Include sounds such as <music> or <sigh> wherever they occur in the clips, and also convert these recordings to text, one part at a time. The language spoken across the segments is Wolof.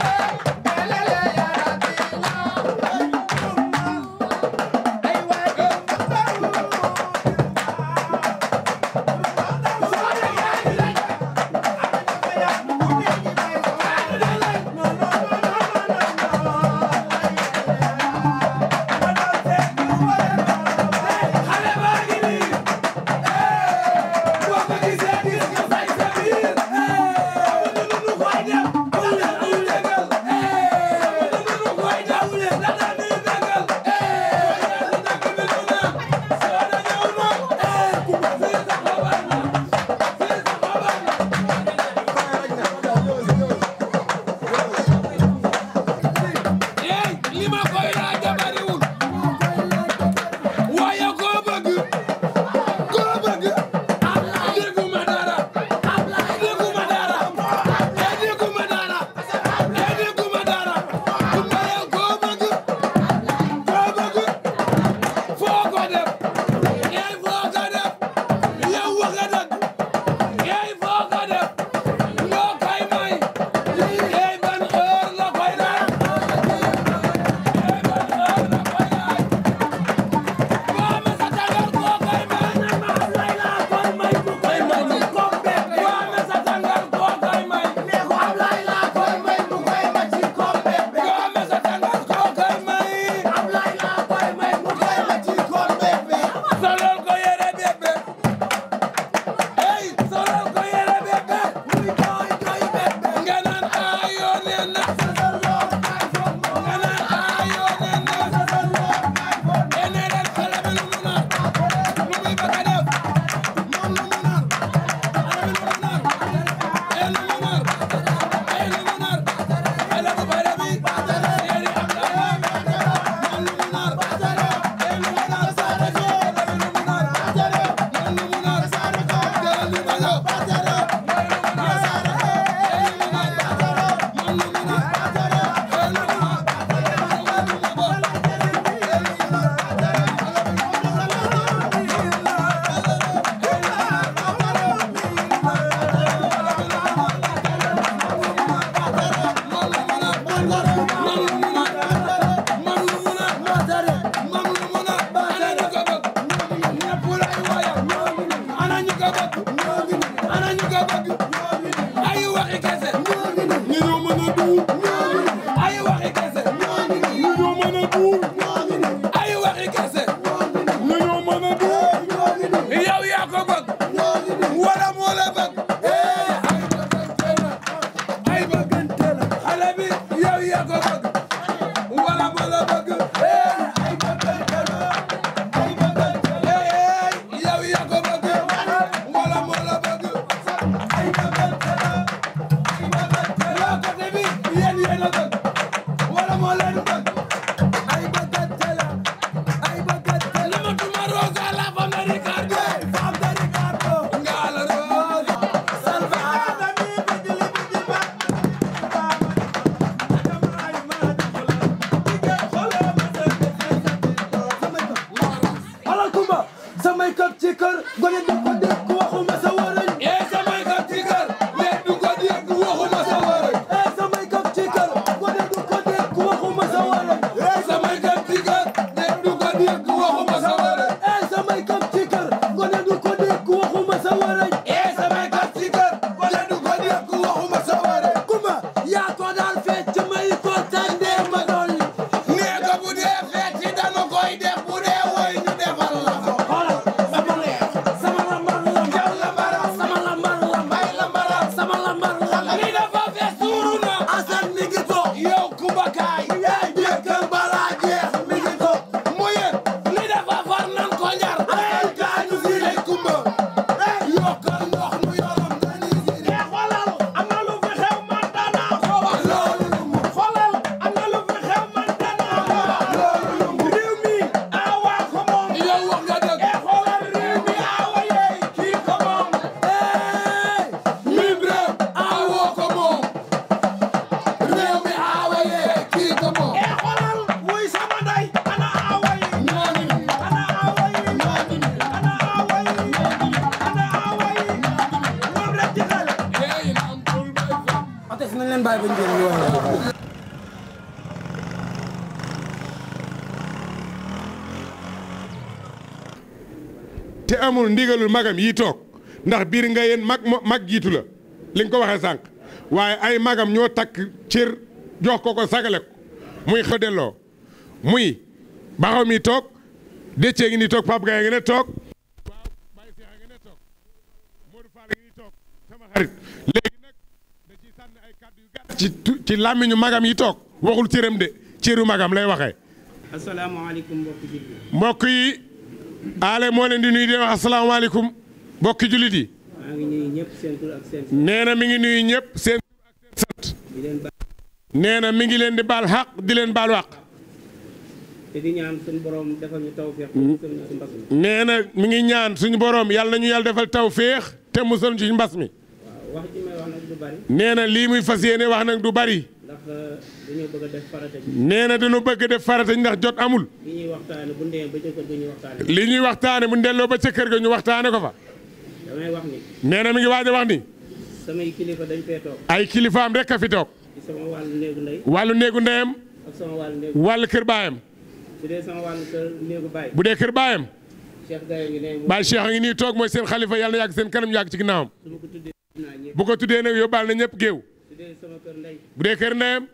Yeah. ndigalul magam yi toog ndax biir nga yéen mag mag jiitu la li ko waxee sànq waaye ay magam ñoo takk cër jox ko ko sagale ko muy xëy delloo muy baxaw mi toog déccee ngi ni toog Pape Gaye ngi ne toog waaw Baye Seex ngi ne toog léegi nag da ci sànni kàddu yu ci làmmiñu magam yi toog waxul cëram de cëru magam lay waxee asalaamaaleykum aale moo leen di nuy di wax asalaamaaleykum mbokki jullit yi. nee na mi ngi nuyu ñëpp seen tur ak seen sant. nee na mi ngi leen di baal xaq di leen baal wàq. nee na mi ngi ñaan suñu borom yàlla nañu yàlla defal tawféex féex te musal mi. nee na lii muy fas yéene wax nag du bari. dañoo bëgg a def farata na dañoo bëgg a def farata ji ndax jot amul. li ñuy waxtaane bu ndee ba ndelloo ba ca ga ñu waxtaane ko fa. damay wax ni. nee na mi ngi waaj a wax ni. samay kilifa dañ fee toog. ay kilifaam rek a fi toog. sama wàllu néegu ndey. wàllu néegu ndeyam. ak sama wàllu néegu. wàllu kër baayam. bu dee sama wàllu kër néegu baay. bu dee kër baayam. Cheikh Gaye ngi ne. Baay Cheikh ngi nii toog mooy seen xalifa yàlla na yàgg seen kanam yàgg ci ginnaawam. bu ko tuddee nag yóbbaal na ñëpp géew. bu dee kër ndeyam.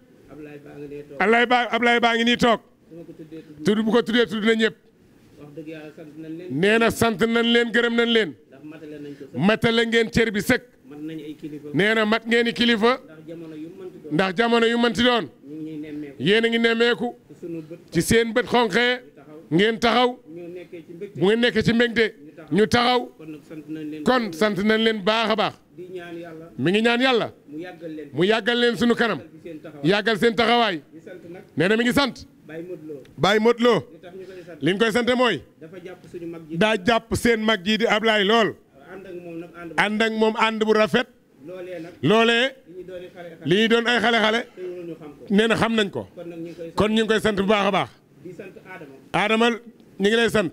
Ablaye Ba Ablaye Baa ngi nii toog. tudd bu ko tuddee tudd na ñëpp. nee na sant nañ leen gërëm nañ leen. matale ngeen cër bi sëkk. nee na mat ngeen i kilifa. ndax jamono yu mënti doon. yéen a ngi nemmeeku. ci seen bët xonqee ngeen taxaw. bu ngeen nekkee ci mbégte. ñu taxaw kon sant nañ leen baax a baax mi ngi ñaan yàlla mu yàggal leen sunu kanam yàggal seen taxawaay nee na mi ngi sant Baye Modou loo li ñu koy sante mooy daa jàpp seen mag jii di Ablaye lool ànd ak moom ànd bu rafet loolee li ñu doon ay xale-xale nee na xam nañ ko kon ñu ngi koy sant bu baax a baax Adama ñu ngi lay sant.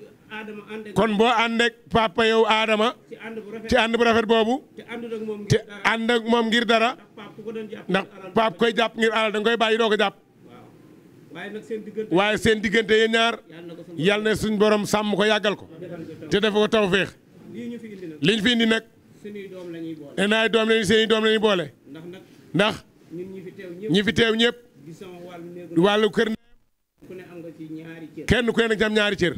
kon boo ànd ak papa yow Adama ci ànd bu rafet boobu ci ànd ak moom ngir dara ndax pap koy jàpp ngir alal danga koy bàyyi doo ko jàpp waaye seen diggante yéen ñaar yal na suñ borom sàmm ko yàggal ko te dafa ko taw féex li fi indi nag enaay doom lañu seen i doom lañu boole ndax ñi fi teew ñëpp wàllu kër kenn ku yenn nag jam ñaari cër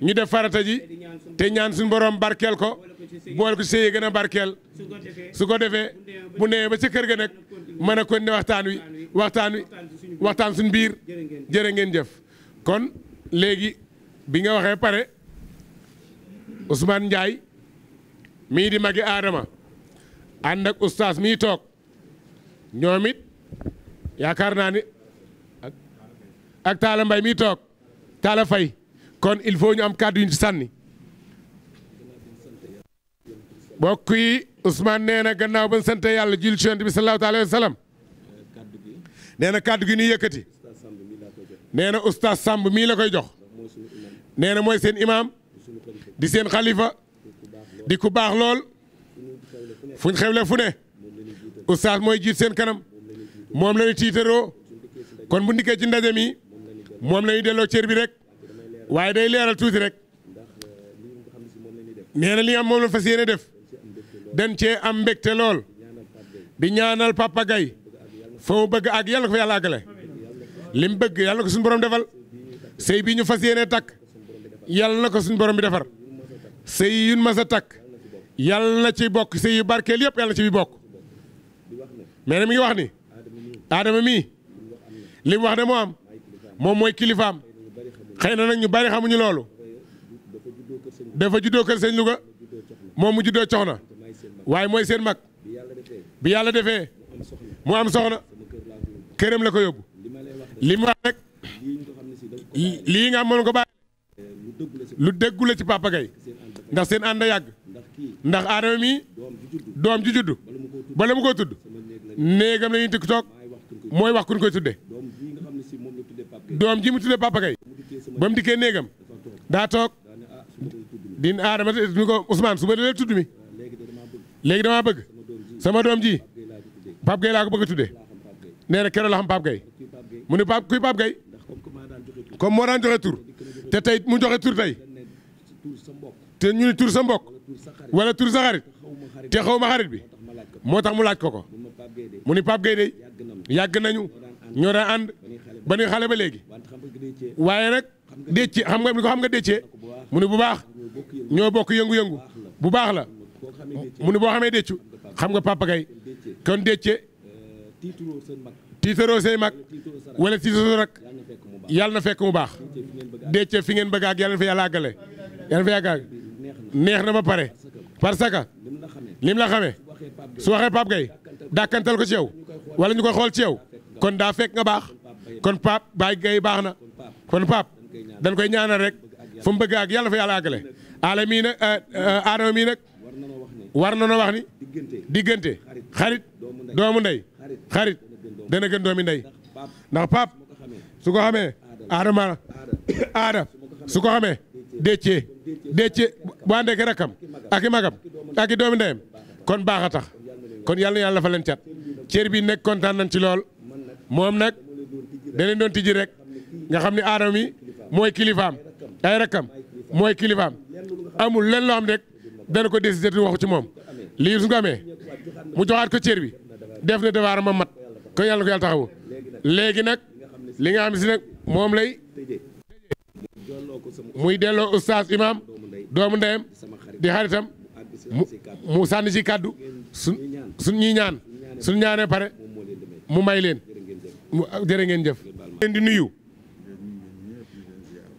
ñu def farata ji te ñaan suñu borom barkeel ko bool ko sëy gën a barkeel su ko defee bu newee ba ci kër ga nag mën a kon ne waxtaan wi waxtaan wi waxtaan suñu biir jërë ngeen jëf kon léegi bi nga waxee pare Ousmane njaay mii di magi Adama ànd ak oustaz mii toog ñoomit yaakaar naa ni ak Talla mbay mii toog Talla fay kon il faut ñu am kàddu yu ñu ci sànni mbokk yi Ousmane na gannaaw ba sant yàlla jul ci Yonent bi sallallahu alayhi wa sallam nee na kàddu gi ñuy yëkkati nee na oustaz Samb mii la koy jox nee na mooy seen imaam di seen xalifa di ku baax lool fuñ xewle fu ne oustaz mooy jiit seen kanam moom la tiitaroo kon bu ndikkee ci ndaje mi moom la ñu delloo cër bi rek. waaye day leeral tuuti rek nee na li nga moom la fas yéene def dañ cee am mbégte lool di ñaanal Papa Gaye fa mu bëgg ak yàlla ko fa yàlla àggale li mu bëgg yàlla na ko suñu borom defal sëy bi ñu fas yéene takk yàlla na ko suñu borom bi defar sëy yu ñu takk yàlla na ci bokk sëy yu barkeel yëpp yàlla na ci bi bokk mais mi ngi wax ni Adama mii li wax de moo am moom mooy kilifaam. xëy na nag ñu bari xamuñu loolu dafa juddoo kër sëñ Louga moom mu juddoo coxna waaye mooy seen mag bi yàlla defee mu am soxna këram la ko yóbbu li mu wax rek lii nga am amoon ko bàyyi lu déggu la ci Papa Gueye ndax seen ànd yàgg ndax aadama mi doom ju judd bala mu koo tudd néegam la ñuy tikk toog mooy wax kun koy tudde doom ji mu tudde Papa Gueye ba mu dikkee néegam daa toog din aadama ni ko Ousmane suba dee tudd mi léegi damaa bëgg sama doom ji Pape Gueye laa ko bëgg a tuddee nee na keroog la xam Pape Gueye mu ne Pape kuy Pape Gueye comme moo daan joxe tur te tey mu joxe tur tey te ñu ne tur sa mbokk wala tur sa xarit te xaw ma xarit bi moo tax mu laaj ko ko mu ni Pape Gueye de yàgg nañu ñoo daan ànd ba nuy xale ba léegi waaye nag. décce xam nga ni ko xam nga décce mu ne bu baax ñoo bokk yëngu-yëngu bu baax la mu ne boo xamee déccu xam nga papa kay kon décce tiitaroo say mag wala tiitaroo rak yàlla na fekk mu baax décce fi ngeen bëgg ak yàlla na fa yàlla àggale yàlla na fa yàgg neex na ba pare parce que lim la xamee su waxee pap kay dàkkantal ko ci yow wala ñu koy xool ci yow kon daa fekk nga baax kon pap baay gay baax na kon pap dañ koy ñaanal rek fa mu bëgg ak yàlla fa yàlla àggale aala mii nag aadama eh, eh, mii nag war na noo wax ni diggante xarit doomu ndey xarit dana gën doomi ndey ndax pap su ko xamee aadama aada su ko xamee déccee déccee bu àndee ki rakkam ak i magam ak i doomi ndeyam kon baax a tax kon yàlla yàlla fa leen cat cër bi nekk kontaan nañ ci lool moom nag da leen doon tijji rek nga xam ni aadama mi mooy kilifaam ay rakkam mooy kilifaam amul lenn loo am ne dana ko décider di waxu ci moom lii su ko amee mu joxaat ko cër bi def na devoir ma mat ko yàlla ko yàlla taxawu léegi nag li nga xam si nag moom lay muy delloo oustaz imam doomu ndeyam di xaritam mu mu sànni ci kàddu suñ suñ ñuy ñaan suñ ñaanee pare mu may leen jërë ngeen jëf. ngeen di nuyu.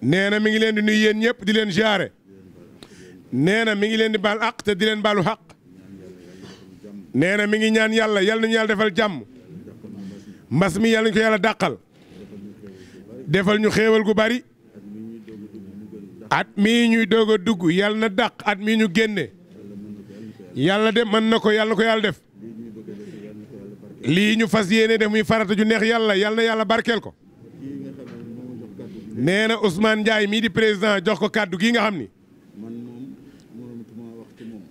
nee na mi ngi leen di nuyu yéen ñëpp di leen jaare nee na mi ngi leen di baal àq te di leen baalu àq nee mi ngi ñaan yàlla yàlla nañu yàlla defal jàmm mbas mi yàlla nañu ko yàlla dàqal defal ñu xéewal gu bari at mii ñuy doog a dugg yàlla na dàq at mii ñu génne yàlla de mën na ko yàlla na ko yàlla def lii ñu fas yéene def muy farata ju neex yàlla yàlla na yàlla barkeel ko nee na Ousmane Ndiaye mii di président jox ko kàddu gi nga xam ni.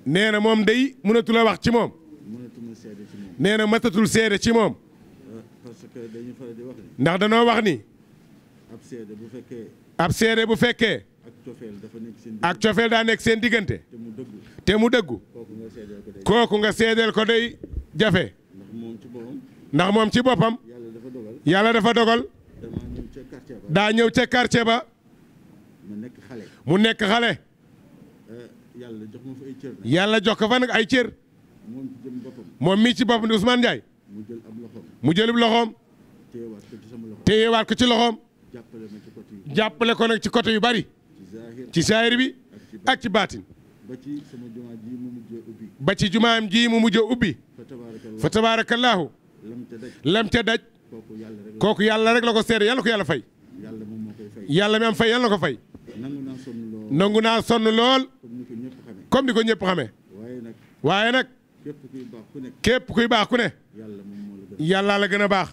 nee na moom day mënatu a wax ci moom. nee na matatul seede ci moom. Euh, ndax danoo wax ni. ab seede bu fekkee. ak cofeel daa nekk seen diggante. te mu dëggu. kooku nga seedeel ko day jafe. ndax moom ci boppam. yàlla dafa dogal. daa ñëw ca quartier ba. mu nekk xale. mu nekk xale. Eh, yàlla jox ko fa ay cër. yàlla jox ko fa nag ay cër. moom ci jëm boppam. moom mii ci boppam di Ousmane Ndiaye. mu jël loxoom. mu jëlub loxoom. téyewaat ko ci sama loxoom. téyewaat ko ci loxoom. jàppale ma ci côté yu. jàppale ko nag ci côté yu bari. ci saahir bi ak ci baatin. ba ci sama jumaa ji ba ci jumaam ji mu mujjee ubbi. fa tabaarakallaahu. lam ca daj. kooku yàlla rek la ko seede yàlla ko yàlla fay. yàlla mi am fay yàlla na ko fay. nangu naa sonn lool. comme di ko ñëpp xamee. waaye nag. képp kuy baax ku ne. yàlla la gën a baax.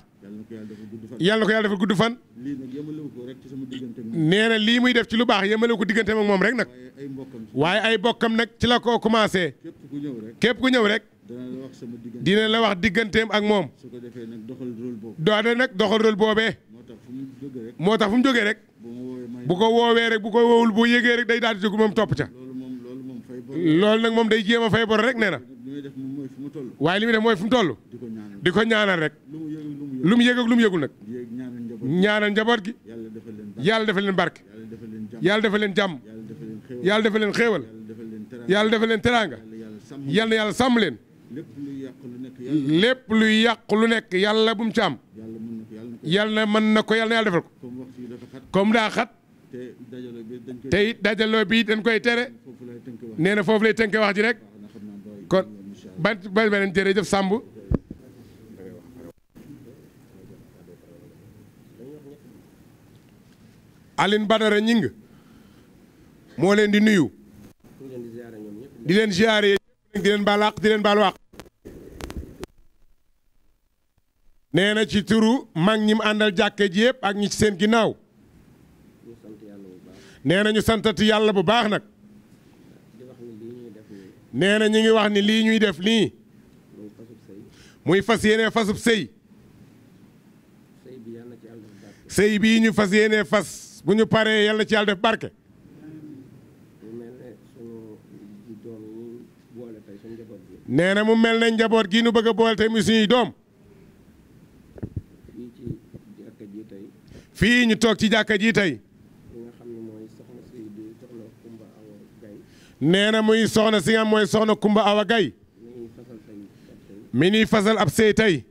yàlla na ko yàlla defal gudd fan. nee na lii muy def ci lu baax yemale ko diggante ak moom rek nag. waaye ay bokkam nag ci la koo commencé. képp ku ñëw rek. dina la wax digganteem ak moom. su ko defee nag doxal rôle boobu. doone nag doxal rôle boobee. moo tax fu mu jógee rek. moo tax fu mu jógee rek. bu ko woowee rek bu ko woowul boo yëgee rek day daal di jóg moom topp ca. loolu nag moom day jéem a fay bor rek nee na. waaye li muy def mooy fu mu toll. di ko ñaanal rek. lu mu yëg ak lu mu yëgul nag. ñaanal njaboot gi. yàlla defal leen barke. yàlla defal leen jàmm. yàlla defal leen xéewal. yàlla defal leen teraanga. yàlla yàlla sàmm leen. lépp luy yàq lu nekk yàlla. lépp luy yàq lu nekk yàlla bu mu ci am. yàlla mën na ko yàlla na yàlla defal ko. comme waxtu yi dafa xat. comme daa xat. te dajaloo bi dañ koy. te it dajaloo bi dañ koy tere. nee na foofu lay tënk wax ji rek. kon ban ban beneen jërëjëf Samb. Aline Badara Ñing moo leen di nuyu. di leen ziare di leen di leen baal àq na ci turu mag ñi mu àndal jàkke ji yëpp ak ñi ci seen ginnaaw nee na ñu santati yàlla bu baax nag nee na ñu ngi wax ni lii ñuy def nii muy fas yéene fasub sëy sëy bii ñu fas yenee fas bu ñu paree yàlla ci yàlla def barke nee na mu mel ne njaboot gi nu bëgg a boole tamit suñuy doom. fii ci jàkka ji tey. fii ñu toog ci jàkka ji tey. nee na muy soxna si nga mooy soxna Kumba Awa Gay mi ñuy fasal ab sëy tey.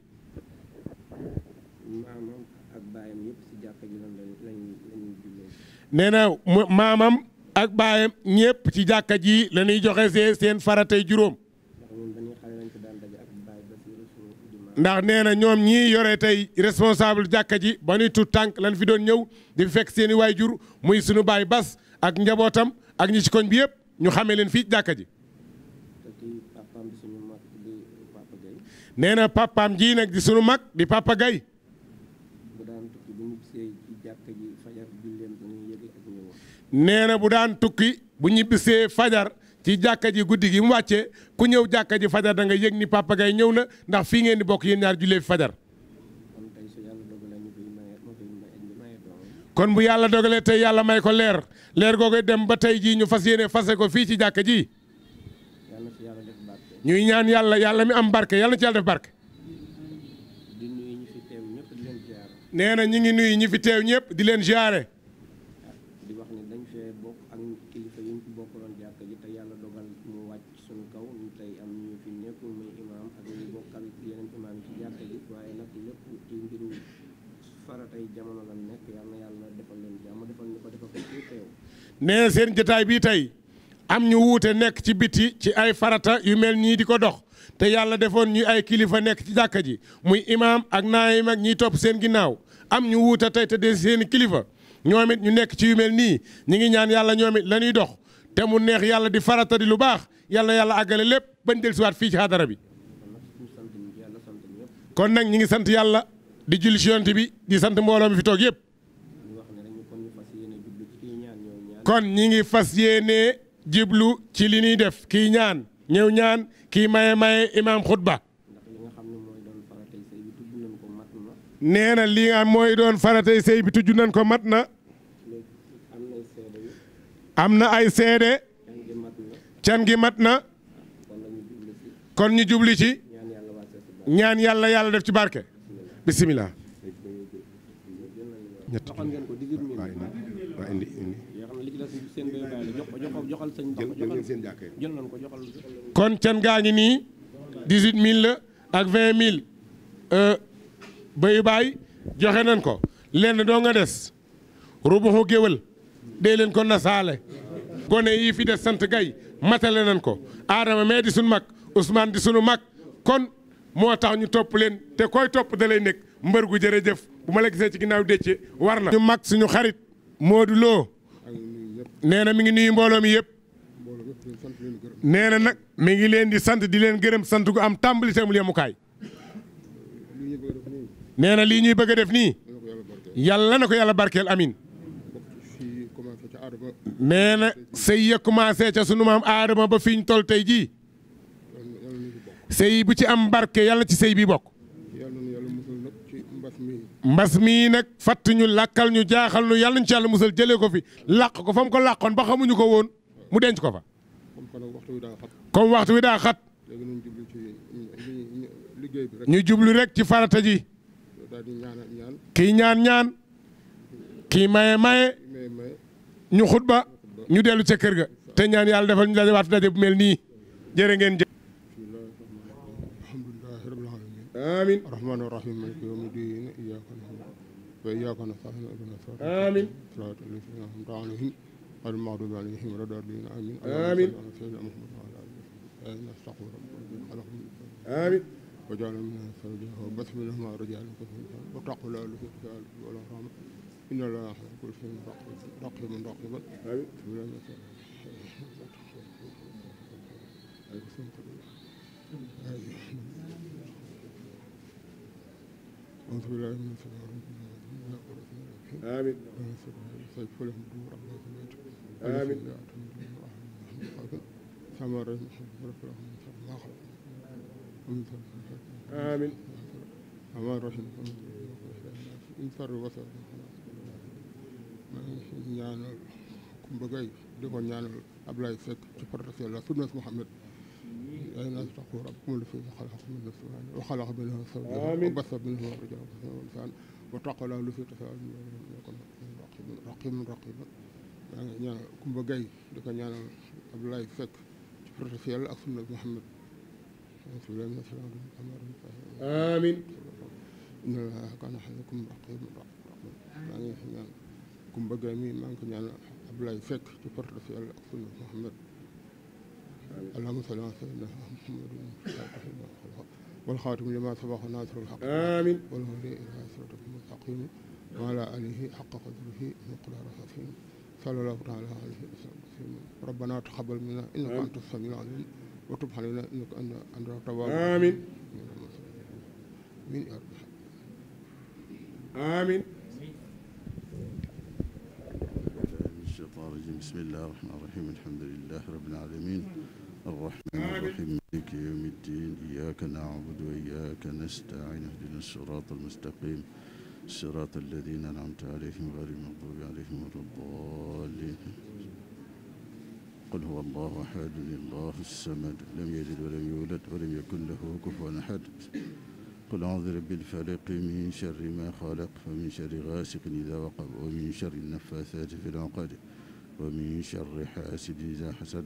nee na maamam ak baayam ñëpp ci jàkka ji la ñuy joxe seen faratay juróom. ndax nee na ñoom ñii yore tey responsable jàkka ji ba nuy tuut tànk lan fi doon ñëw di fekk seen waay waajur muy sunu baay bas ak njabootam ak ñi ci koñ bi yëpp ñu xamee leen fii jàkka ji. nee na papaam ji nag di sunu mag di papa gay nee na bu daan tukki bu ñibbisee fajar ci jàkka ji guddi gi mu wàccee ku ñëw jàkka ji fajar da nga yëg ni Papa ñëw na ndax fii ngeen di bokk yéen ñaar jullee fajar kon bu yàlla dogalee tey yàlla may ko leer leer googu dem ba tey jii ñu fas yéene fase ko fii ci jàkka ji ñuy ñaan yàlla yàlla mi am barke yàlla na ci yàlla def barke nee na ñi ngi nuyu ñi fi teew ñëpp di leen jaare nee seen jotaay bii tey am ñu wuute nekk ci biti ci ay farata yu mel nii di ko dox te yàlla defoon ñu ay kilifa nekk ci jàkka ji muy imaam ak naa naayim mag ñii topp seen ginnaaw am ñu wuute tey te de seen kilifa ñoom ñu nekk ci yu mel nii ñu ngi ñaan yàlla ñoom it la ñuy dox te mu neex yàlla di farata di lu baax yàlla yàlla àggale lépp bañ del dellusiwaat fii ci xadara bi. kon nag ñi ngi sant yàlla di julli ci yonent bi di sant mbooloo mi fi toog yëpp. kon ñi ngi fas yéenee jiblu ci li ñuy def kii ñaan ñëw ñaan kii maye maye imaam xutba nee na li nga mooy doon faratay sëy bi tudd nañ ko mat na am na ay seede can gi mat na kon ñu jubli ci ñaan yàlla yàlla def ci barke bisimilah. ñett seen bay bay la jox ko joxal sëñ ba joxal seen jàkk jël nañ ko joxal kon can gaa ngi nii 18000 la ak 20000 euh, bayu baay joxe nañ ko lenn doo nga des rubuxu géwël dee leen ko nasaale gone yii fi des sant gay matale nañ ko Adama mee di suñu mag Ousmane di suñu mag kon moo tax ñu topp leen te koy topp da lay nekk mbër gu jërëjëf bu ma la gisee ci ginnaaw décce war na ñu mag suñu xarit Modou Lo nee na mi ngi nuyu mbooloo mi yëpp nee na nag mi ngi leen di sant di leen gërëm sant gu am tàmbali tamul yemukaay nee na lii ñuy bëgg a def nii yàlla na ko yàlla barkeel amin nee na sëy ya commencé ca sunu am aadama ba fi ñu toll tey jii sëy bu ci am barke yàlla ci sëy bii bokk mbas mii nag fatt ñu lakkal ñu jaaxal ñu yàlla ñu ci musal jëlee ko fi làq ko fa mu ko làqoon ba xamuñu ko woon mu denc ko fa. comme waxtu wi daa xat. ñu jublu rek ci farata ji. kii ñaan ñaan. kii maye maye. ñu xutba ñu dellu ca kër ga. te ñaan yàlla defal ñu daje waxtu daje bu mel nii jërë ngeen jëf آمين الرحمن الرحيم مالك يوم الدين إياك نعبد وإياك نستعين اهدنا الصراط آمين صراط الذين أنعمت عليهم غير المغضوب عليهم ولا الضالين آمين آمين اللهم محمد وعلى آله وصحبه آمين آمين وجعل منها زوجها وبث منهما رجالا كثيرا واتقوا لا لكم الرجال ولا رحمة إن الله يحب كل شيء رقيبا رقيبا آمين أيوة. أعوذ بالله من الشيطان الرجيم آمين طيب فلهم الدور الله سمعت آمين ثمر رب لهم من شر ما خلق ومن شر آمين ثمر رحم من شر وسط ñaanal kumba gay di ko ñaanal Ablaye Seck ci farata yàlla sunnas Muhammad وإن اتقوا ربكم الذي خلقكم من نفس واحدة وخلق منها زوجها وبث منهما رجالا كثيرا ونساء واتقوا الله الذي تساءلون به رقيبا رقيبا رقيبا maa ngi ñaanal Kumba Gaye di ko ñaanal Abdoulaye Seck ci projet fi yàlla ak sunna bi Muhammad amiin inna Allaha kaana alaykum raqiiban maa ngi ñaan Kumba Gaye mi maa ngi ko ñaanal Abdoulaye Seck ci projet fi yàlla ak sunna bi Muhammad اللهم صل على سيدنا محمد والخاتم لما سبق ناصر الحق آمين والهدي إلى صراطك المستقيم وعلى آله حق قدره مقدار حكيم صلى الله تعالى عليه وسلم ربنا تقبل منا إنك أنت السميع العليم وتب علينا إنك أنت التواب آمين آمين آمين الرجيم بسم الله الرحمن الرحيم الحمد لله رب العالمين الرحمن الرحيم مالك يوم الدين إياك نعبد وإياك نستعين اهدنا الصراط المستقيم صراط الذين أنعمت عليهم غير المغضوب عليهم ولا الضالين قل هو الله أحد الله الصمد لم يلد ولم يولد ولم يكن له كفوا أحد قل أعوذ برب الفلق من شر ما خلق ومن شر غاسق إذا وقب ومن شر النفاثات في العقد ومن شر حاسد إذا حسد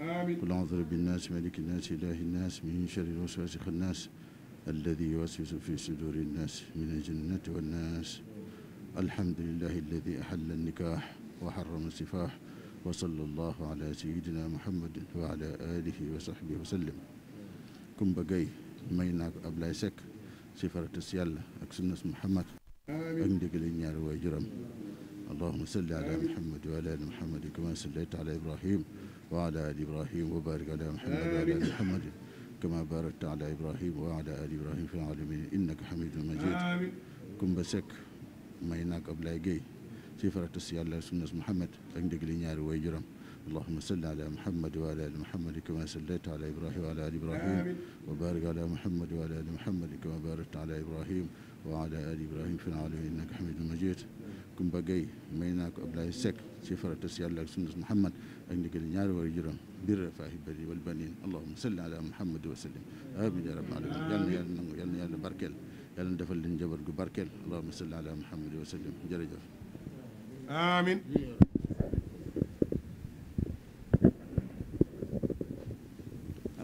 آمين قل أعوذ بالناس ملك الناس إله الناس من شر الوسواس الناس الذي يوسوس في صدور الناس من الجنة والناس الحمد لله الذي أحل النكاح وحرم السفاح وصلى الله على سيدنا محمد وعلى آله وصحبه وسلم كم بقي may أبلا سك سفرة Seck أكسنس محمد yàlla لنيار وجرم اللهم صل على محمد وعلى ال محمد كما صليت على ابراهيم وعلى ال ابراهيم وبارك على محمد وعلى ال محمد كما باركت على ابراهيم وعلى ال ابراهيم في العالمين انك حميد مجيد كم بسك ما may naag Ablaye Gueye ci farata si yàlla sunnas اللهم صل على محمد وعلى ال محمد كما صليت على ابراهيم وعلى ال ابراهيم وبارك على محمد وعلى ال محمد كما باركت على ابراهيم وعلى ال ابراهيم في العالمين انك حميد مجيد Kumba Gueye may naa ko Ablaye Seck ci farata si yàlla ak sunnas Muhammad ak ndigal ñaari war juróom bir rafaahi bari wal banin allahumma salli ala Muhammad wa sallim amin ya rabbal alamin yal na yàlla nangu yal na yàlla barkeel yàlla defal leen jabar gu barkeel allahumma salli ala Muhammad wa sallim jërëjëf amin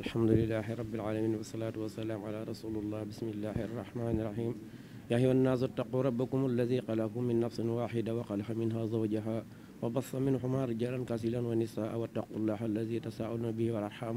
alhamdulilahi rabbil alamin wasalaatu wasalaam ala rasulillah bismillahi arrahmani irrahim يا أيها الناس اتقوا ربكم الذي خلقكم من نفس واحدة وخلق منها زوجها وبص منهما رجالا كثيرا ونساء واتقوا الله الذي تساءلون به والأرحام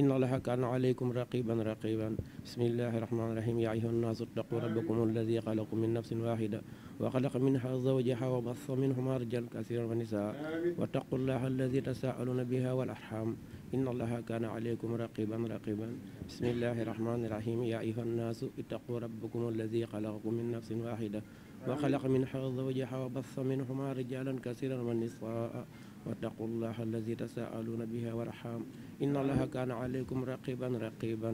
إن الله كان عليكم رقيبا رقيبا بسم الله الرحمن الرحيم يا أيها الناس اتقوا ربكم الذي خلقكم من نفس واحدة وخلق منها زوجها وبص منهما رجالا كثيرا ونساء واتقوا الله الذي تساءلون بها والأرحام إن الله كان عليكم رقيبا رقيبا بسم الله الرحمن الرحيم يا أيها الناس اتقوا ربكم الذي خلقكم من نفس واحدة وخلق من منها زوجها وبث منهما رجالا كثيرا والنساء واتقوا الله الذي تساءلون بها ورحام إن الله كان عليكم رقيبا رقيبا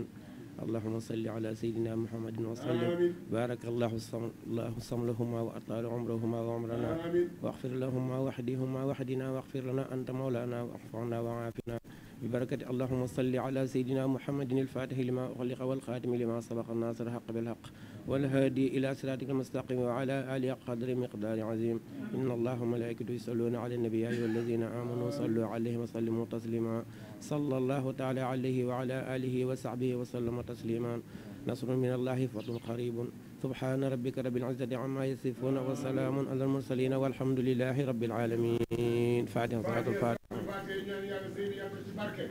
اللهم صل على سيدنا محمد وسلم بارك الله الله صم لهما واطال عمرهما وعمرنا واغفر لهما وحدهما وحدنا واغفر لنا انت مولانا واحفظنا وعافنا ببركة اللهم صل على سيدنا محمد الفاتح لما أغلق والخاتم لما سبق الناصر حق بالحق والهادي إلى صراطك المستقيم وعلى آل قدر مقدار عظيم إن الله وملائكته يصلون على النبي أيها الذين آمنوا صلوا عليه وسلموا تسليما صلى الله تعالى عليه وعلى آله وصحبه وسلم تسليما نصر من الله فضل قريب سبحان ربك رب العزة عما يصفون وسلام على المرسلين والحمد لله رب العالمين فاتحة الفاتحة Market.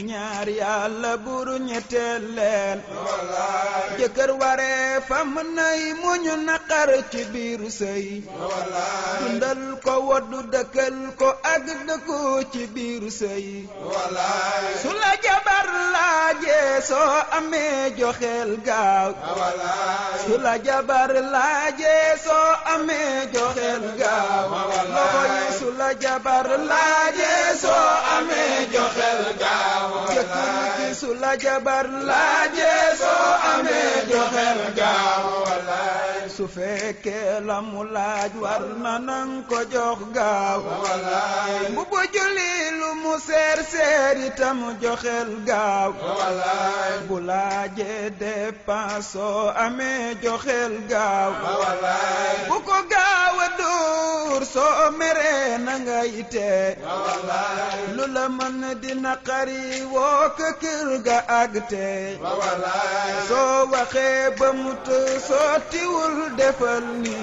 ñaar yàlla buru ñetteel leen jëkkër waree fam nay muñu naqar ci biiru sëy dundal ko woddu dëkkal ko ak dëkku ci biiru sëy su la jabar laajee soo amee joxeel gaaw su la jabar laajee soo amee joxeel yi su gaaw ki su la soo amee fekkee la mu laaj war na ko jox gaaw bu bu julli lu mu seer seer itam joxel gaaw wallaay bu laajee dépense soo amee joxel gaaw buur soo meree na nga yite lu la mën di naqari woo ko kër ga àggte soo waxee ba mut soo tiwul defal ni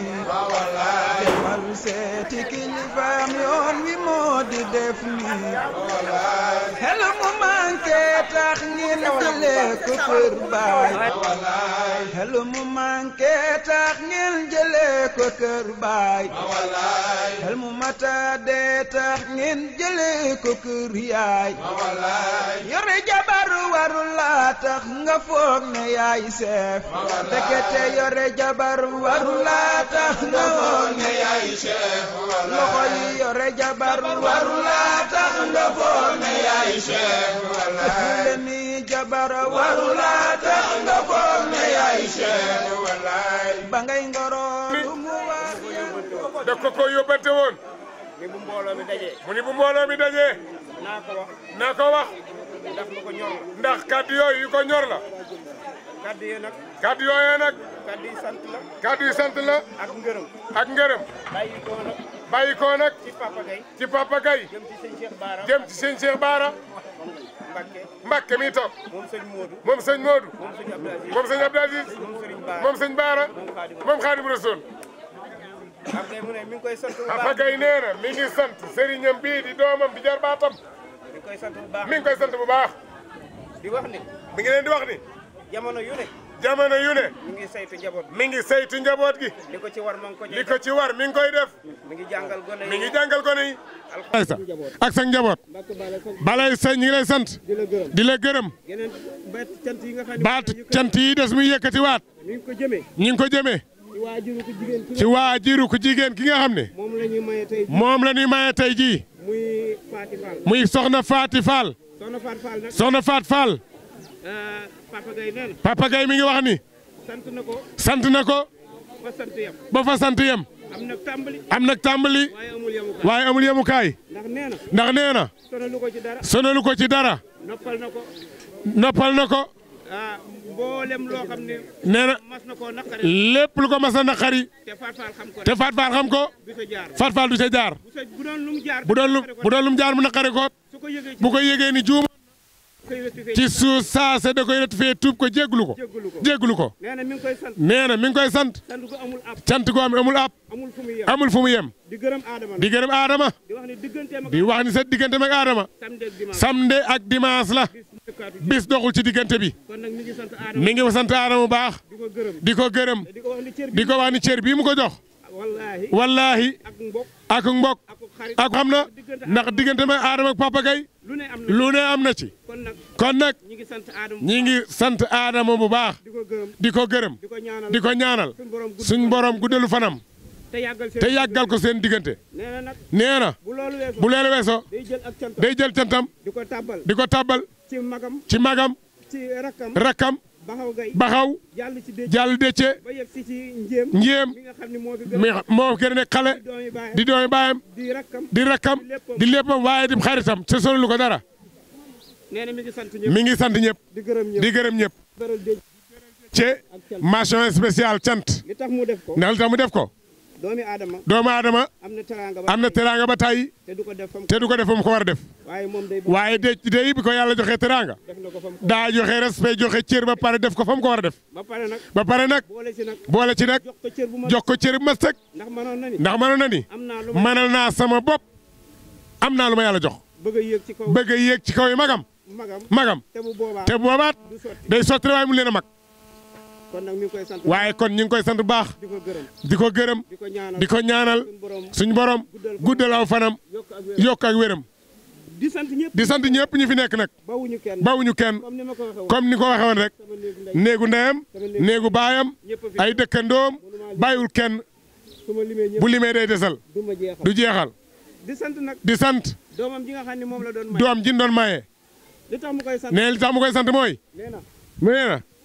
demal seeti kilifaam yoon wi moo di def ni xel mu manqué tax ñi jëlee kufur baay xel mu manqué tax ñi jëlee ko kër baay xel mu mata dee tax ñi jëlee ko kër yaay yore jabar warul laa tax nga foog ne yaay seef dekete yore jabar warul laa tax nga foog ne yaay seef loxo yi yore jabar warul laa tax nga foog ne yaay ay Cheikh walaay ni jabara laa tax nga foog ne ay Cheikh walaay ba ngay lu mu wax da ko ko woon mu ni bu dajee naa ko wax ndax lu ko ñor la ndax kàddu yooyu yu ko ñor la kàddu yooyu nag kàddu yi sant la kàddu yi sant la ak ngërëm ak ngërëm bàyyi ko nag bàyyi ko nag ci Papa Gaye ci Papa Gaye jëm ci sëñ Cheikh Baara jëm ci sëñ Cheikh Baara Mbakke Mbakke mi toog moom sëñ Modou moom sëñ Modou moom sëñ Aziz moom sëñ Baara moom Xaadim Rasul Papa Gaye mu ne mi ngi koy sant bu baax Papa Gaye sant sëriñam bii di doomam di jar baatam mi sant bu baax koy sant bu baax di wax ni mi leen di wax jamono yu jamono yu ne. mi ngi saytu njaboot gi mi ngi njaboot gi. li ko ci war mi koy def ci war mi ngi koy def. mi ngi jàngal gone yi mi ngi jàngal gone yi. ak sa njaboot. balay sa ñi ngi lay sant. di la gërëm di la gërëm. baat cant yi des muy yëkkati waat. ñu ko jëmee ñu ngi ko jëmee. ci waajiru ku jigéen ki nga xam ne. moom la ñuy maye tey jii moom tey jii. muy Faati Fall. muy Soxna Faati Fall. Soxna Faat Fall nag Soxna Faat Papa Gueye mi ngi wax ni. sant na ko sant na ko. ba sant yem ba fa sant yem. am nag tàmbali am nag waaye amul yemukaay ndax nee na ndax nee na. sonalu ko ci dara sonalu ko ci dara. noppal na ko. noppal na ko. ah mboolem loo xam ne. na mas na koo naqari lépp lu ko mas a naqari. te faatfaal xam ko te faatfaal xam ko. du sa jaar faatfaal du sa jaar. bu doon lum jaar bu doon lum jaar mu naqari ko. bu ko yëgee ni juum. ci suuf saase da koy rectifié tuub ko jégglu ko jégglu ko nee na mi ngi koy sant nee na mi ngi sant cant gu am amul app amul fu mu yem di gërëm aadama di gërëm aadama di wax ni sa digganteem ak aadama samedi ak dimanche la bis doxul ci diggante bi mi ngi sant aadama bu baax di ko gërëm di ko wax ni cër bii mu ko jox wallaahi ak mbokk ak am na ndax diggante may Adama ak Papa lu ne am na ci kon nag ñi ngi sant Adama bu baax di ko gërëm di ko ñaanal suñ borom guddelu fanam te yàggal ko seen diggante nee na bu loolu weesoo day jël cantam di ko tàbbal ci magam ci rakkam baxaw jàll dëcce njéem mi moo gën a nekk xale di doomi baayam di rakkam di léppam waaye di xaritam sa sonal ko dara mi ngi sant ñëpp di gërëm ñëpp. ci mention spéciale cant ndax li tax mu def ko. doomu aadama doomu aadama am na teraanga ba taay te ko def fa mu ko war a def waaye de day bi ko yàlla joxe teraanga daa joxe respect joxe cër ba pare def ko fa mu ko war a def ba pare nag boole ci nag jox ko cër bu ma sëkk ndax mënoon na ni mënal naa sama bopp am naa lu ma yàlla jox bëgg a yéeg ci kaw yi magam magam te bu boobaat day sotti waaye mu leen a mag. kon nag mi koy sant waaye kon ñu ngi koy sant bu baax. di ko gërëm di ko gërëm. di ko ñaanal suñu borom guddalaw fanam yokk ak wéram. di sant ñëpp di sant ñëpp ñu fi nekk nag. bawuñu kenn bawuñu kenn comme ni ko waxee woon rek. néegu ndeyam néegu baayam ay dëkkandoom bàyyiwul kenn bu limee day desal du jeexal. di sant nag di sant. doomam ji nga xam ne moom la doon maye doom ji doon maye. li koy sant nee li tax mu koy sant mooy.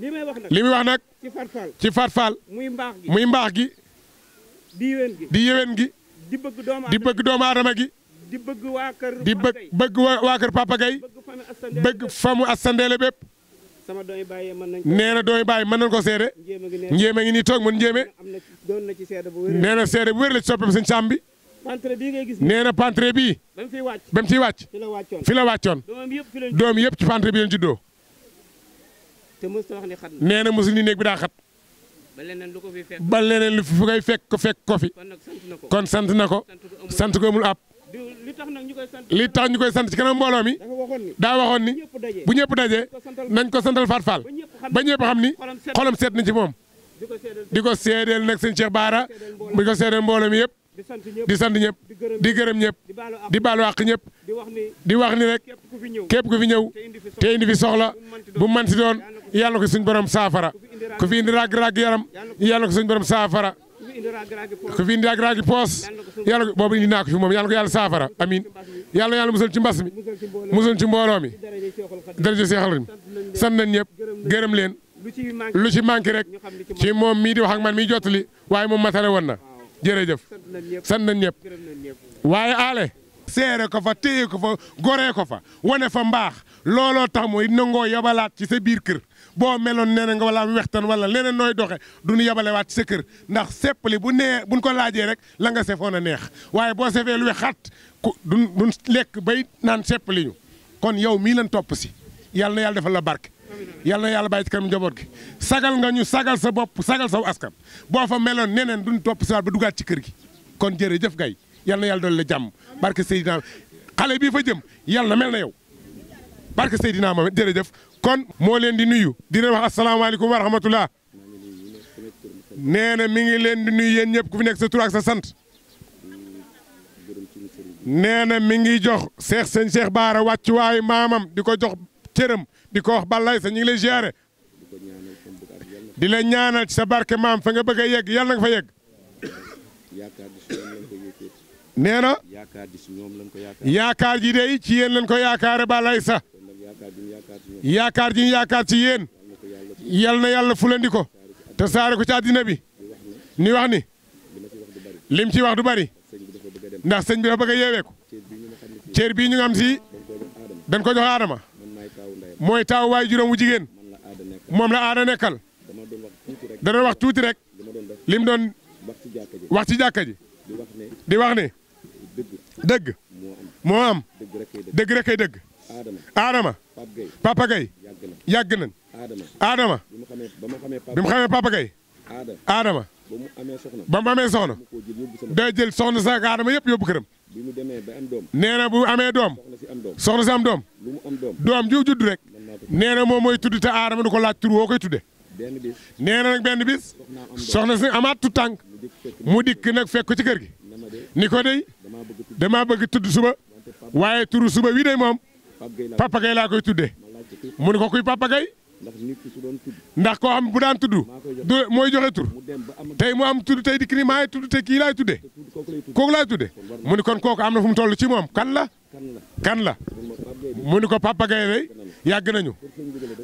li may wax nag li muy wax nag. ci farfaal ci muy mbaax gi muy mbaax gi. di yéwén gi di bëgg doomu aadama gi di bëgg doomu aadama gi. di bëgg waa kër di bëgg bëgg waa kër Papa Gueye bëgg famu asandeele bépp. sama dooy bàyyi mën nañ ko nee na dooy bàyyi mën nañ ko seede. njéeme ngi nii toog mën njéeme. doon na ci seede bu wér nee na seede bu wér la ci soppeem sëñ Sam bi. pantre bii ngay gis nee na pantre bii. ba mu fiy wàcc ba mu fiy wàcc. fi la wàccoon fi la wàccoon. doom yëpp ci pantre bi lañ te mës ta wax ne xat na nee na mosul ni néeg bi daa xat. ba leneen lu ko fi fekk ba koy fekk fekk ko fi. kon sant na ko sant ko amul àpp. li tax ñu koy sant ci kanam mbooloo mi daa waxoon ni bu ñëpp dajee nañ ko santal Faat Fall ba ñëpp xam ni xolam seet na ci moom di ko seedeel nag sëñ Cheikh Baara di ko seedeel mbooloo mi yëpp di sant ñëpp di gërëm ñëpp di baalu àq ñëpp di wax ni rek képp ku fi ñëw te indi fi soxla bu man doon yàlla ko suñ borom saafara ku fi indi rag rag yaram yàlla ko suñ borom saafara ku fi indi rag rag poos yàlla ko boobu indi naa ko fi moom yàlla yàlla saafara amin yàlla yàlla musal ci mbas mi musal ci mbooloo mi daraja seexal rim sant nañ ñëpp gërëm leen lu ci manqué rek ci moom mii di wax ak man mii jottali waaye moom matale woon na jërëjëf sant nañ ñëpp waaye aale seere ko fa téye ko fa goree ko fa wane fa mbaax looloo tax mooy nangoo yabalaat ci sa biir kër boo meloon nee na nga wala am wextaan wala leneen nooy doxe du ñu yabalewaat sa kër ndax seppali bu nee buñ ko laajee rek la nga sefoon a neex waaye boo sefee lu wexaat ku duñ duñ lekk bay naan seppali ñu kon yow mii lan topp si yàlla na yàlla defal la barke. yàlla na yàlla bàyyi ci kanam gi sagal nga ñu sagal sa bopp sagal saw askan boo fa meloon neneen duñ topp si waat ba dugaat ci kër gi kon jërëjëf gay yàlla na yàlla dool la jàmm barke Seydina xale bii fa jëm yàlla na mel na yow barke Seydina Mohamed jërëjëf kon moo leen di nuyu di leen wax asalaamaaleykum wa rahmatullah nee na mi ngi leen di nuyu yéen ñëpp ku fi nekk sa tur sa sant nee na mi ngi jox seex sëñ Cheikh Baara wàcc wàccuwaayu maamam di ko jox cëram di ko wax balay sax ñu ngi lay ziare di la ñaanal ci sa barke maam fa nga bëgg a yegg yàlla na nga fa yegg nee na yaakaar ji dey ci yéen lañ ko yaakaare balay sax yaakaar ji ñu yaakaar ci yéen yal na yàlla fulandi ko te saare ko ci àddina bi ni wax ni lim ci wax du bari ndax sëñ bi dafa bëgg a yeeweeku cër bii ñu nga am si dañ ko jox aadama mooy taaw waay juróom wu jigéen moom la aada nekkal da doon wax tuuti rek lim doon wax ci jàkka ji di wax ne dëgg moo am dëgg rek kay dëgg aadama Papa Gueye yàgg nañ Adama bi mu xamee Papa Gueye Adama ba mu amee soxna day jël soxna sa ak Adama yëpp yóbbu këram nee na bu amee doom soxna si am doom doom ju judd rek nee na moom mooy tudd te Adama du ko laaj tur woo koy tudde nee na nag benn bis soxna si amaat tu tànk mu dikk nag fekk ko ci kër gi ni ko dey damaa bëgg tudd suba waaye turu suba wi dey moom Papa Gueye laa koy tuddee mu ne ko kuy Papa Gueye ndax koo xam bu daan tudd du mooy joxe tur tey mu am tudd tey di kii maay tudd te kii laay mu ni kon kooku am na fu ci moom kan la kan la mu ni ko Papa Gueye day yàgg nañu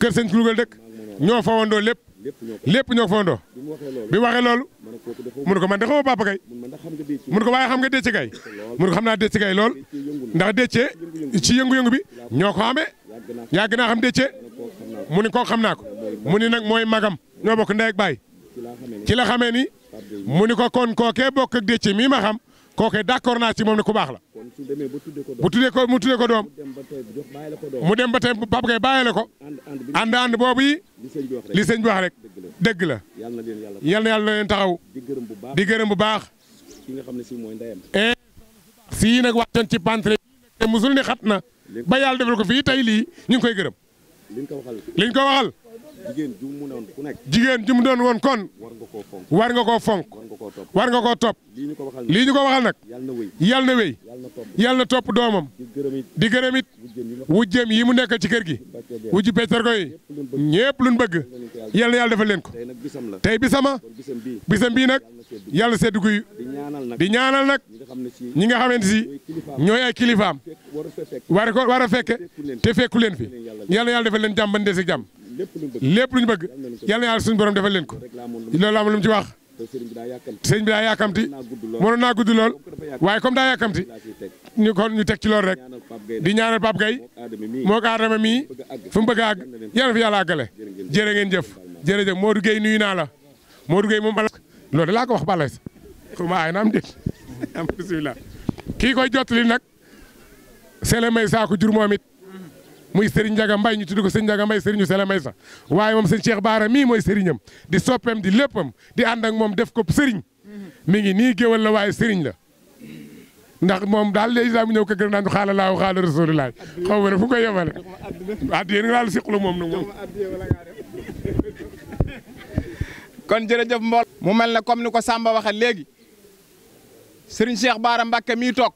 kër sëñ Koungheul dëkk ñoo fa wandoo lépp. lépp ñoo ko fondo bi waxee loolu mun ko man de xaw ma papa kay mun ko waaye xam nga décce kay mun ko xam naa décce kay lool ndax décce ci yëngu-yëngu bi ñoo ko amee yàgg naa xam décce mu ni koo xam naa ko mu ni nag mooy magam ñoo bokk ndey ak baay ci la xamee ni mu ni ko kon kookee bokk ak décce mii ma xam kooke d'accord naa ci moom ne ku baax la bu tuddee ko mu tuddee ko doom mu dem ba tey Papa Gueye bàyyee la ko ànd ànd boobu yi li sëñ bi wax rek dëgg la yal na yàlla na leen taxaw di gërëm bu baax sii eh, nag waxtaan ci pantre musul ni xat na ba yàlla defal ko fii tey lii ñu ngi koy gërëm liñ ko waxal jigéen ju mu doon ku nekk. jigéen ju mu doon woon kon. war nga koo fonk war nga koo fonk. war nga koo topp. lii ñu ko waxal nag lii ñu ko waxal nag. yàlla na wéy yàlla na wéy. yàlla na topp doomam. di gërëm it wujjëm yi mu nekkal ci kër gi. wujj peccarko yi ñépp luñ bëgg. yal na yàlla defal leen ko. tey bisama bisam bii nag yàlla seddu guy di ñaanal nag ñi nga xamante si ñooy ay kilifaam war ko war a fekke te fekku leen fi yàlla na yàlla defal leen jàmm ba ndees ak lépp lu ñu bëgg yal na yàlla suñu borom defal leen ko loolu amul lu mu ci wax sëñ bi daa yàkkamti mënoon naa gudd lool waaye comme daa yàkkamti ñu kon ñu teg ci lool rek di ñaanal Pape Gueye moo ko mii fu mu bëgg a àgg yàlla fi yàlla àggale jërë ngeen jëf jërëjëf Modou nuyu naa la Modou Gueye moom bala loolu laa ko wax bala xuma aay na am déet <laughs> am bisimilah kii koy jottali nag Sele may saako jur moom it muy Serigne Ndiaga Mbaye ñu tudd ko Serigne Ndiaga Mbaye Serigne Sele Maysa waaye moom sëñ Cheikh Baara mii mooy Serignam di soppeem di léppam di ànd moom def ko Serigne mm-hmm. mi ngi nii géwal la waaye Serigne la. ndax moom daal léegi daal mu ñëw ko gërëm naa ñu koy yemale. addu yéen nga daal moom nag moom. kon jërëjëf mu mel na comme ni ko Samba waxee léegi Serigne Cheikh Baara Mbacke mii toog.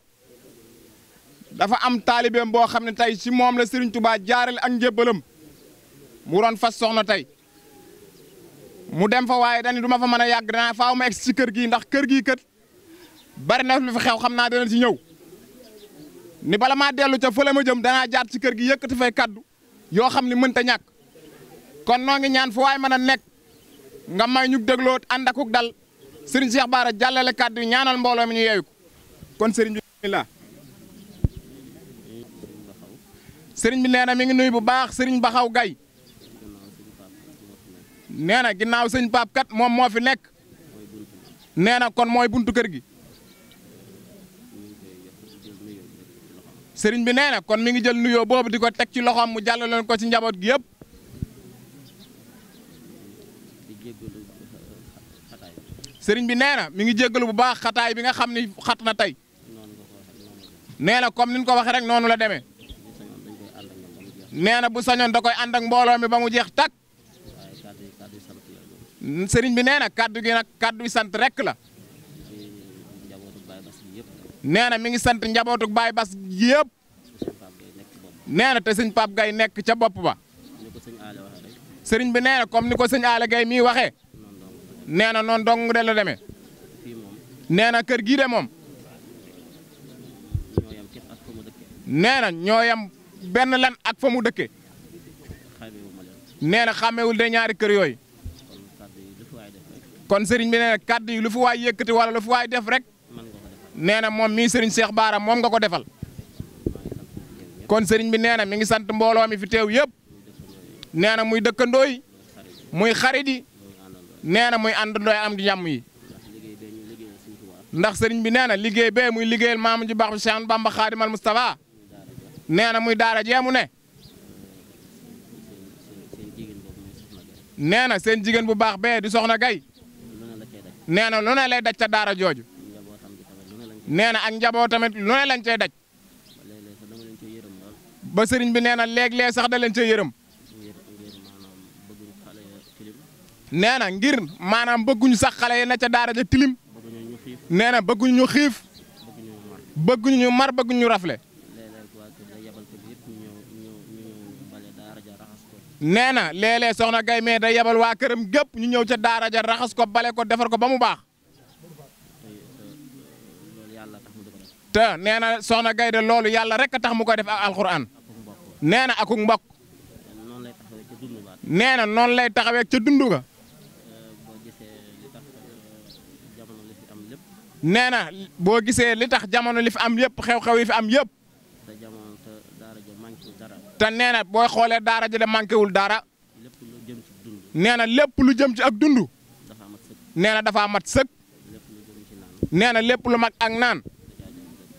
dafa am taalibeem boo xam ne tey si moom la Serigne Touba jaarale ak njébbalam mu ron fas soxna tey mu dem fa waaye dañu du ma fa mën a yàgg danaa fa ma egg si kër gii ndax kër gi kët bari na lu fi xew xam naa dana ci ñëw ni bala maa dellu ca fële ma jëm danaa jaar ci kër gi yëkkati fay kaddu yoo xam ne mënta ñàkk kon noo ngi ñaan foo waay mën a nekk nga may ñu dégloo ànd akuk dal Serigne Cheikh Bara jàllale kaddu ñaanal mbooloo mi ñu yeeyu kon Serigne sëriñ bi nee na mi ngi nuyu bu baax sëriñ ba xaw Gay nee na ginnaaw sëñ Paap moom moo fi nekk nee na kon mooy buntu kër gi sëriñ bi nee kon mi ngi jël nuyoo boobu di ko teg ci loxoom mu jàll leen ko ci njaboot gi yëpp sëriñ bi nee mi ngi jéggalu bu baax xataay bi nga xam ni xat na tey nee na comme ni ñu ko waxee rek noonu la demee nee na bu sañoon da koy ànd ak mbooloo mi ba mu jeex tàkk sëriñ bi nee na kaddu gi na kaddu yi sant rek la nee na mi ngi sant njabootu Baay Bas yëpp nee na sëñ Pape gay nekk ca bopp ba sëriñ bi nee na comme ni ko sëñ Aale Gaye mii waxee nee na noonu dong de la demee nee na kër gii de moom nee ñoo yam benn lan ak fa mu dëkke nee na xàmmewul de ñaari kër yooyu kon sëriñ bi nee na kàddu yi lu fi waay yëkkati wala lu fi waay def rek nee na moom mii sëriñ Cheikh baara moom nga ko defal kon sëriñ bi nee na mi ngi sant mbooloo mi fi teew yëpp nee na muy dëkkandoo muy xarit yi nee na muy àndandoo am di jàmm yi ndax sëriñ bi nee na liggéey bee muy liggéeyal maamu ji baax bi Cheikh Bamba Xaadimal Mustafa nee na muy daara jeemu ne nee na seen jigéen bu baax bee di soxna gay nee na lu ne lay daj ca daara jooju nee na ak njaboo tamit lu lañ cay daj ba sëriñ bi nee na léeg-léeg sax da leen cay yërëm nee na ngir maanaam bëgguñu sax xale yi na ca daara ja tilim nee na bëgguñu ñu xiif bëgguñu ñu mar bëgguñu ñu rafle nee na léeg soxna gay mais day yebal waa këram gépp ñu ñëw ca daara ja raxas ko bale ko defar ko ba mu baax te nee na soxna gay de loolu yàlla rek a tax mu ko def ak alxuraan nee na akuk mbokk nee na noonu lay taxawee ca dundu ga nee na boo gisee li tax jamono li fi am yëpp xew-xew yi fi am yëpp te nee booy xoolee daara ji de manqué wul dara nee na lépp lu jëm ci ak dund nee na dafa mat sëkk nee na lépp lu mag ak naan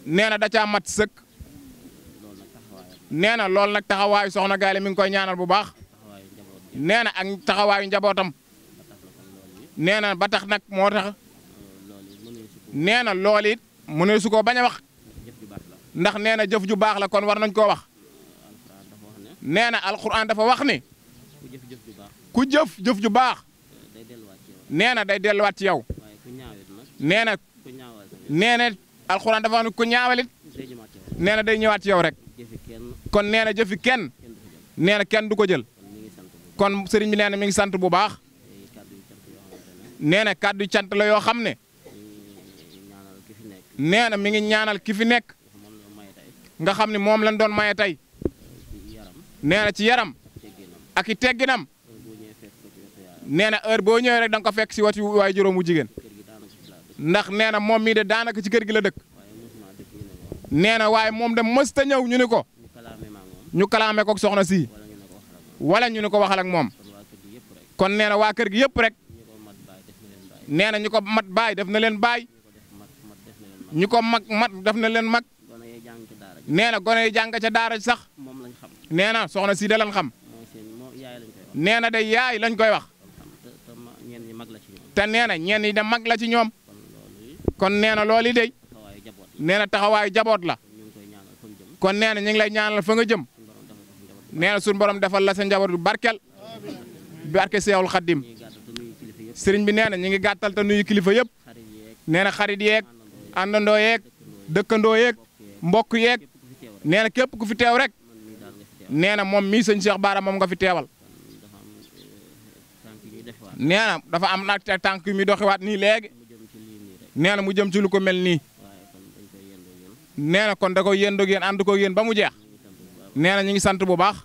nee na da caa mat sëkk nee na loolu nag taxawaayu soxna Gaale mi ngi koy ñaanal bu baax nee na ak taxawaayu njabootam nee na ba tax nag moo tax nee na loolu mu ne ko bañ a wax ndax nee na jëf ju baax la kon war nañ koo wax. nee na alxuraan dafa wax ni ku jëf jëf ju baax nee na day delluwaat ci yow nee na nee na alxuraan dafa wax ni ku ñaawalit nee na day ñëwaat ci yow rek kon nee na jëfi kenn nee kenn du ko jël kon sëriñ bi nee na mi ngi sant bu baax nee na kàddu cant la yoo xam ne nee na mi ngi ñaanal ki fi nekk nga xam ne moom lañ doon maye tey nee na ci yaram ak i tegginam nee na heure boo ñëwee rek da ko fekk si wati waay juróom wu jigéen ndax nee na moom mii de daanaka ci kër gi la dëkk nee na waaye moom de mësta ta ñëw ñu ni ko ñu kalaame ko soxna si wala ñu ni ko waxal ak moom kon nee waa kër gi yépp rek nee na ñu ko mat baay def na leen baay ñu ko mag mat def na leen mag nee na gone yi jàng ca daara sax. moom lañ xam. nee soxna si da lañ xam. nee na de yaay lañ koy wax. te nee na ñenn ñi de mag la ci ñoom. kon nee na loolu de. nee na taxawaayu jaboot la. kon nee na ñu ngi lay ñaanal fa nga jëm. nee na suñu borom defal la sa njaboot bu barkel. barke Seexul Xaddim. sëriñ bi nee na ñu ngi gàttal te nuyu kilifa yëpp. nee na xarit yeeg. àndandoo yeeg. dëkkandoo yeeg. mbokk yeeg. nee na képp ku fi teew rek nee na moom mii sëñ Cheikh Baara moom nga fi teewal nee na dafa am nag tànk yi muy doxiwaat nii léegi nee na mu jëm ci lu ko mel nii nee na kon da koy yëndoo ak yéen ànd ko yéen ba mu jeex nee na ñu ngi sant bu baax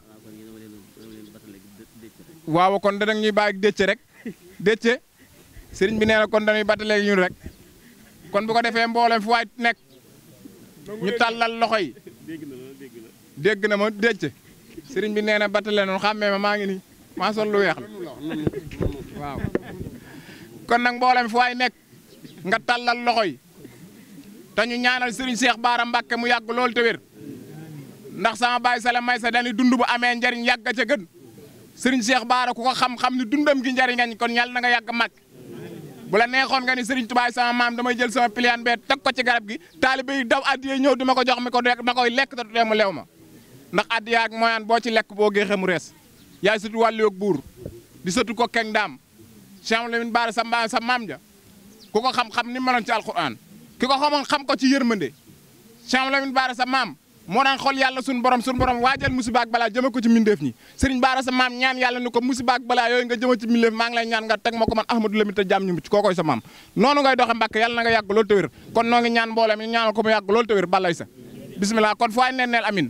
waaw kon danañ ñuy bàyyi décce rek décce sëriñ bi nee na kon dañuy battaleeg ñun rek kon bu ko defee mboolem fu waay nekk ñu tàllal loxo yi. deg na ma decc serigne bi neena batale non xamé ma ma ngi ni ma son lu wex waaw kon nak mbolam fu way nek nga talal loxoy yi ñu ñaanal serigne Cheikh Baara Mbacke mu yag lool te wer ndax sama baye Sala may sa dañuy dund bu amé ndariñ yag ca gën serigne Cheikh ku ko xam-xam ni dundam gi ndariñ kon yalla nga yag bu la neexoon nga ni Serigne Touba sama maam damay jël sama pliant bee teg ko ci garab gi taalibe yi daw addiya ñëw di ma ko jox mi ko ma koy lekk te tutee mu lew ma ndax addiya ak mooyaan boo ci lekk boo géexee mu res yaay sutu wàllu yoog buur di sëtu ko keng daam Cheikh Lamine Bara sa mbaam sa maam ja ku ko xam-xam ni mënoon ci alquran ki ko xamoon xam ko ci yërmande la Lamine Bara sa maam mo daan xol yalla sun borom sun borom waajal musiba ak bala jema ko ci mindeef ni serigne bara sa mam ñaan yalla nuko musiba ak bala yoy nga jema ci mindeef ma ngi lay ñaan nga tek ma man ahmadu lamine te jàmm ñu mucc sa mam nonu ngay doxe mbak yalla nga yag lo te kon no ngi ñaan mbooloo mi ñaanal ko mu yag lo te balay sa bismillah kon ay nenel amin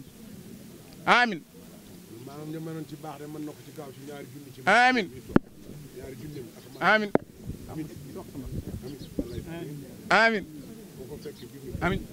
amin amin amin amin amin